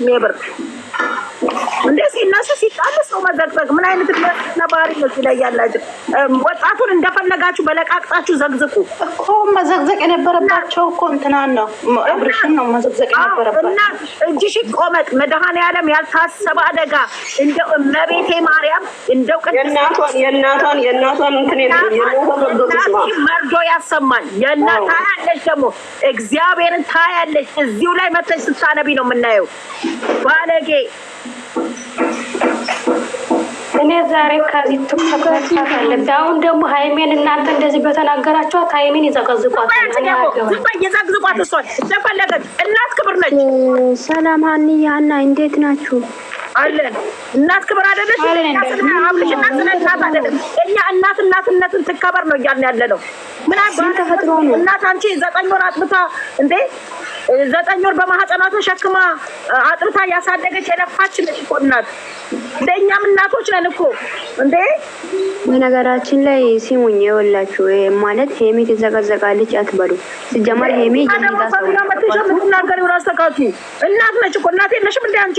neighbor እንደዚህ እነሱ ሲጣሉ ሰው መዘግዘግ ምን አይነት ነባሪ ባህሪ ነው ላይ ያላችሁ? ወጣቱን እንደፈለጋችሁ በለቃቅጣችሁ ዘግዝቁ እኮ መዘግዘቅ የነበረባቸው እኮ እንትናን ነው አብርሽን ነው መዘግዘቅ የነበረባቸው። እና እጅሽ ቆመጥ መድኃኔዓለም ያልታሰበ አደጋ እንደው እመቤቴ ማርያም እንደው ቅድስናቷን የእናቷን የእናቷን እንትን መርዶ ያሰማል። የእናት ታያለች ደግሞ እግዚአብሔርን ታያለች። እዚሁ ላይ መተሽ ስታነቢ ነው የምናየው ባለጌ እኔ ዛሬ ከዚህ ትመጣለች። አሁን ደግሞ ሀይሜን እናንተ እንደዚህ በተናገራችኋት ሀይሜን ይዘቀዝቋት ይዘቅዝቋት። እሷን ለፈለገች እናት ክብር ነች። ሰላም ሀኒዬ፣ ሀና እንዴት ናችሁ? አለን እናት ክብር አይደለች አብልሽ እኛ እናት እናትነትን ትከበር ነው እያልን ያለ ነው። ምን ተፈጥሮ ነው እናት አንቺ ዘጠኝ ወር አጥብታ እንዴ ዘጠኝ ወር በማህፀኗ ተሸክማ አጥርታ ያሳደገች የለፋችልን እኮ እናት እንደኛም እናቶች ነን እኮ እንዴ። በነገራችን ላይ ሲሙኝ የወላችሁ ማለት ሄሜ ትዘቀዘቃለች አትበሉ። ሲጀመር ሄሜ የምትናገር ራስ ተካቱ እናት ነች እኮ እናት የለሽም እንደ አንቺ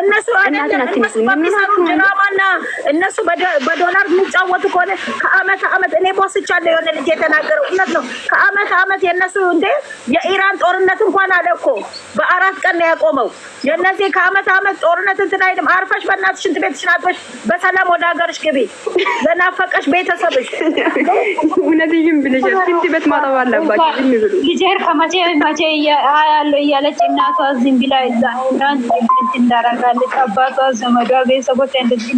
እነሱ ድራማና እነሱ በዶላር የሚጫወቱ ከሆነ ከአመት አመት እኔ ቦስቻለሁ። የሆነ ልጅ የተናገረው እውነት ነው። ከአመት አመት የእነሱ እንደ የኢራን ጦርነት እንኳን አለ እኮ በአራት ቀን ነው ያቆመው። የእነዚህ ከአመት አመት ጦርነት እንትን አይልም። አርፈሽ በእናትሽ ሽንት ቤትሽን አጥበሽ በሰላም ወደ ሀገርሽ ግቢ፣ ለናፈቀሽ ቤተሰብሽ። እውነትም ብልሽ ሽንት ቤት ማጠብ አለባቸው። ልጄር ከመቼ መቼ ያለው እያለች እናቷ ዝም ብላ ዛ እንዳረ ታውቃለች። አባቷ፣ ዘመዷ፣ ቤተሰቦች እንደዚህ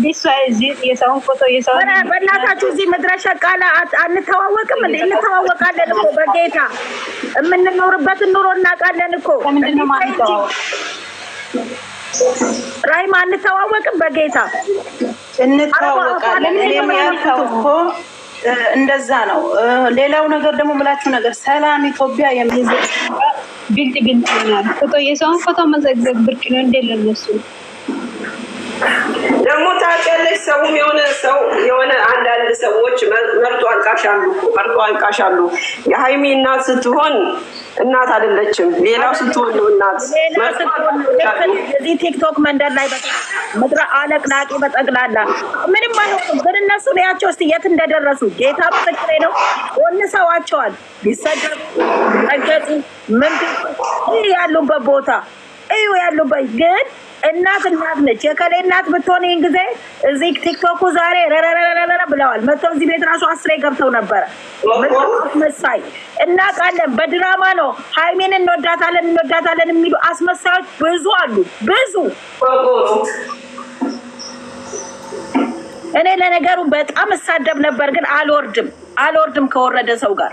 የሰውን ፎቶ የሰው በእናታችሁ እዚህ መድረሻ ቃል አንተዋወቅም እንዴ? እንተዋወቃለን እኮ በጌታ የምንኖርበትን ኑሮ እናውቃለን እኮ ራይማ አንተዋወቅም በጌታ እንተዋወቃለን። እኔም ያልኩት እኮ እንደዛ ነው። ሌላው ነገር ደግሞ ምላችሁ ነገር ሰላም ኢትዮጵያ የሚዘ ግልጥ ግልጥ ሆናል። ፎቶ የሰውን ፎቶ መዘግዘግ ብርቅ ነው እንደለነሱ ደግሞ ታውቂያለሽ፣ ሰውም የሆነ ሰው የሆነ አንዳንድ ሰዎች መርጦ አልቃሽ አሉ፣ መርጦ አልቃሽ አሉ። የሀይሚ እናት ስትሆን እናት አይደለችም፣ ሌላው ስትሆን ነው እናት። እዚህ ቲክቶክ መንደር ላይ ምድረ አለቅላቂ በጠቅላላ ምንም አይሆኑም። ግን እነሱ ያቸው እስቲ የት እንደደረሱ ጌታ ምስክሬ ነው። ወንሰዋቸዋል ቢሰደሩ ጠገጡ ምን ያሉበት ቦታ ይኸው ያሉበት ግን እናት እናት ነች። የከሌ እናት ብትሆን ይህን ጊዜ እዚህ ቲክቶኩ ዛሬ ረረረረረ ብለዋል። መጥተው እዚህ ቤት ራሱ አስሬ ገብተው ነበረ። አስመሳይ እናውቃለን። በድራማ ነው ሀይሜን እንወዳታለን እንወዳታለን የሚሉ አስመሳዮች ብዙ አሉ። ብዙ እኔ ለነገሩ በጣም እሳደብ ነበር፣ ግን አልወርድም አልወርድም ከወረደ ሰው ጋር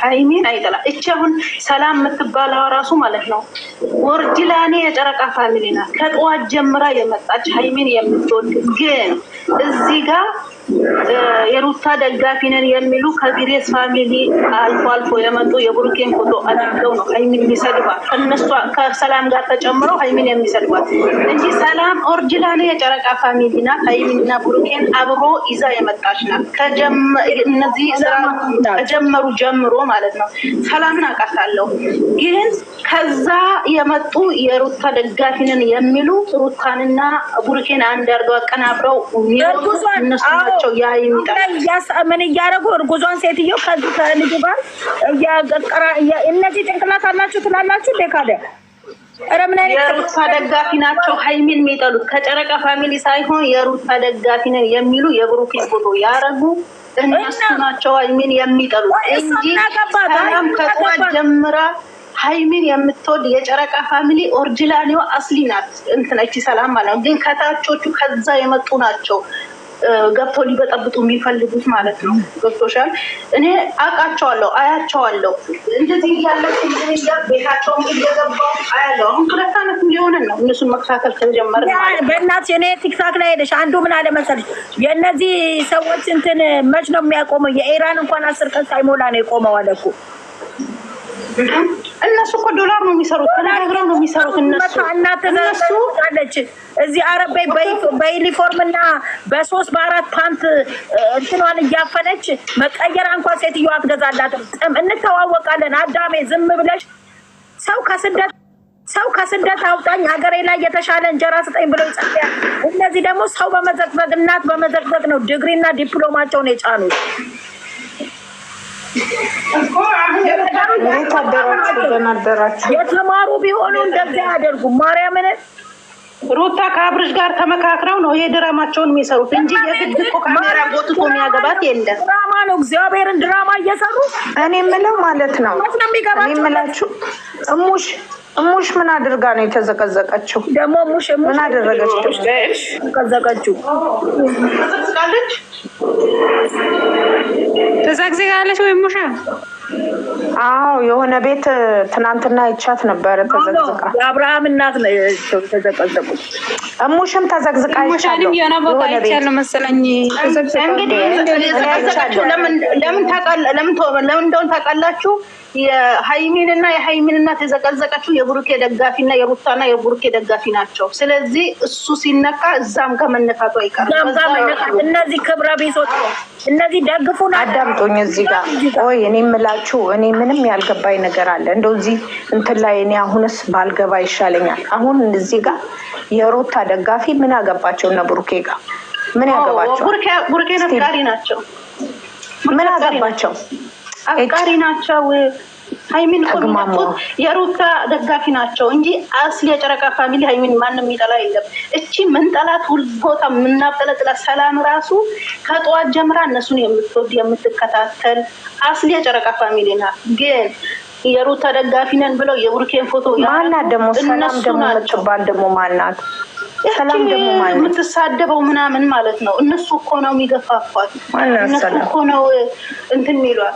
ሀይሜን አይጥላ እቺ አሁን ሰላም የምትባለው ራሱ ማለት ነው። ወርጅላኔ የጨረቃ ፋሚሊ ናት። ከጠዋት ጀምራ የመጣች ሀይሜን የምትወድ ግን እዚህ ጋር የሩታ ደጋፊ ነን የሚሉ ከግሬስ ፋሚሊ አልፎ አልፎ የመጡ የቡርኬን ፎቶ አድርገው ነው ሀይሚን የሚሰድባት። እነሱ ከሰላም ጋር ተጨምሮ ሀይሚን የሚሰድባት እንጂ ሰላም ኦርጅናል የጨረቃ ፋሚሊ ናት። ሀይሚንና ቡርኬን አብሮ ይዛ የመጣች ናት። እነዚህ ከጀመሩ ጀምሮ ማለት ነው። ሰላምን አውቃታለሁ ግን ከዛ የመጡ የሩታ ደጋፊንን የሚሉ ሩታንና ቡርኬን አንድ አድርገው አቀናብረው እነሱ ናቸው። ያ እያደረጉ እርጉዟን ሴትዮ ከልጁ ጋር እነዚህ ጭንቅላት አላችሁ ትላላችሁ እንዴ? ካደ የሩታ ደጋፊ ናቸው ሀይሚን የሚጠሉት ከጨረቃ ፋሚሊ ሳይሆን የሩታ ደጋፊንን የሚሉ የብሩኬን ፎቶ ያረጉ እነሱ ናቸው ሀይሚን የሚጠሉት እንጂ ሰላም ከጠዋት ጀምራ ሀይሚን የምትወድ የጨረቃ ፋሚሊ ኦርጅላኒዋ አስሊ ናት። እንትነች ሰላም ማለት ነው። ግን ከታቾቹ ከዛ የመጡ ናቸው ገብቶ ሊበጠብጡ የሚፈልጉት ማለት ነው። ገብቶሻል። እኔ አውቃቸዋለሁ፣ አያቸዋለሁ። እንደዚህ እያለች እያ ቤታቸውም እየገባ አያለሁ። አሁን ሁለት ዓመት ሊሆነን ነው እነሱን መከታተል ከተጀመረ። በእናት እኔ ቲክታክ ላይ ሄደሽ አንዱ ምን አለ መሰለሽ የእነዚህ ሰዎች እንትን መች ነው የሚያቆመው? የኢራን እንኳን አስር ቀን ሳይሞላ ነው የቆመው አለ እኮ እነሱ እኮ ዶላር ነው የሚሰሩት፣ ተነጋግረው ነው የሚሰሩት። እነሱ እናት እነሱ አለች እዚህ አረብ በዩኒፎርም እና በሶስት በአራት ፓንት እንትኗን እያፈነች መቀየር እንኳን ሴትዮዋ አትገዛላትም። ጥም እንተዋወቃለን። አዳሜ ዝም ብለሽ ሰው ከስደት ሰው ከስደት አውጣኝ ሀገሬ ላይ የተሻለ እንጀራ ስጠኝ ብለው ይጸልያል። እነዚህ ደግሞ ሰው በመዘቅዘቅ እናት በመዘቅዘቅ ነው ዲግሪና ዲፕሎማቸውን የጫኑት። የተማሩ ቢሆኑ እንደዚህ አያደርጉም። ማርያምን ሩታ ከአብርሽ ጋር ተመካክረው ነው ይሄ ድራማቸውን የሚሰሩት እንጂ የግድ እኮ ካሜራ ቦትቶ የሚያገባት የለም። ድራማ ነው፣ እግዚአብሔርን ድራማ እየሰሩ እኔ የምለው ማለት ነው የምላችሁ እሙሽ እሙሽ ምን አድርጋ ነው የተዘቀዘቀችው? ደግሞ ሙሽ ምን አደረገች? ተዘቀዘቀችው ተዘቅዝቃለች ወይ ሙሻ አዎ የሆነ ቤት ትናንትና ይቻት ነበረ ተዘቅዝቃ። የአብርሃም እናት ተዘቀዘቁት። እሙሽም ተዘቅዝቃ ይቻለሁ ለምን እንደሆን ታውቃላችሁ የሀይሚንና የሀይሚንና ተዘቀዘቀችው የብሩኬ ደጋፊና የሩታና የብሩኬ ደጋፊ ናቸው። ስለዚህ እሱ ሲነካ እዛም ጋር መነካቱ አይቀርም። እነዚህ ክብረ ቤቶች እነዚህ ደግፉን። አዳምጦኝ እዚህ ጋር ወይ እኔ የምላችሁ እኔ ምንም ያልገባኝ ነገር አለ። እንደው እንትን ላይ እኔ አሁንስ ባልገባ ይሻለኛል። አሁን እዚህ ጋር የሩታ ደጋፊ ምን ያገባቸው እና ብሩኬ ጋር ምን ያገባቸው? ብሩኬ ናቸው። ምን ያገባቸው? አፍቃሪ ናቸው። ሀይሚን የሚጠቁት የሩታ ደጋፊ ናቸው እንጂ አስል የጨረቃ ፋሚሊ ሀይሚን ማንም የሚጠላ የለም። እቺ ምንጠላት ቦታ የምናጠለጥላ ሰላም ራሱ ከጠዋት ጀምራ እነሱን የምትወድ የምትከታተል አስል የጨረቃ ፋሚሊ ናት ግን የሩታ ደጋፊ ነን ብለው የቡርኬን ፎቶ ማናት ደግሞ ሰላም ደግሞ ምትባል ደግሞ ማናት ሰላም ደግሞ የምትሳደበው ምናምን ማለት ነው። እነሱ እኮ ነው የሚገፋፏት፣ እነሱ እኮ ነው እንትን ይሏል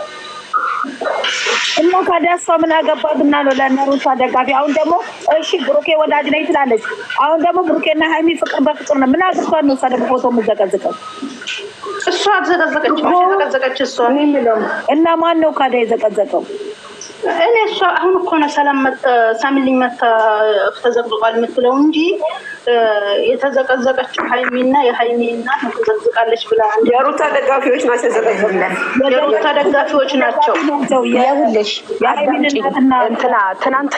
እና ታዲያ እሷ ምን አገባትና ነው ለነሩሳ ደጋፊ? አሁን ደግሞ እሺ ብሩኬ ወዳጅ ነኝ ትላለች። አሁን ደግሞ ብሩኬና ሀይሚ ፍቅር በፍቅር ነው። ምን አግብቷ ነው እሷ ደግሞ ፎቶ የምዘቀዝቀው? እሷ አልዘቀዘቀችም፣ ዘቀዘቀች እሷ። እና ማን ነው ካዳ የዘቀዘቀው? እኔ እሷ አሁን እኮ ነው ሰላም ሳምልኝ መታ ተዘቅዝቋል የምትለው እንጂ የተዘቀዘቀችው ሀይሚና የሀይሚና ተዘቅዝቃለች ብላ የሩታ ደጋፊዎች ናቸው። የሩታ ደጋፊዎች ናቸው። ትናንትና